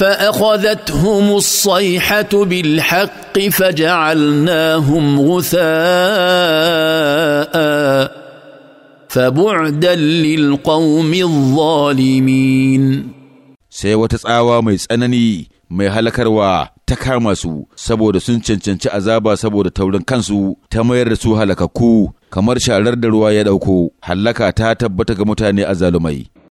فاخذتهم الصيحه بالحق فجعلناهم غثاء فبعدا للقوم الظالمين سيوتسعوا ميسانني ميهلكروا تكاما سو سبو دا سنچنچن چا عذابا سبو دا تولن كنسو تمير رسو حلقا كو كمرشا لرد روايا داوكو حلقا تاتب بتك متاني ازالو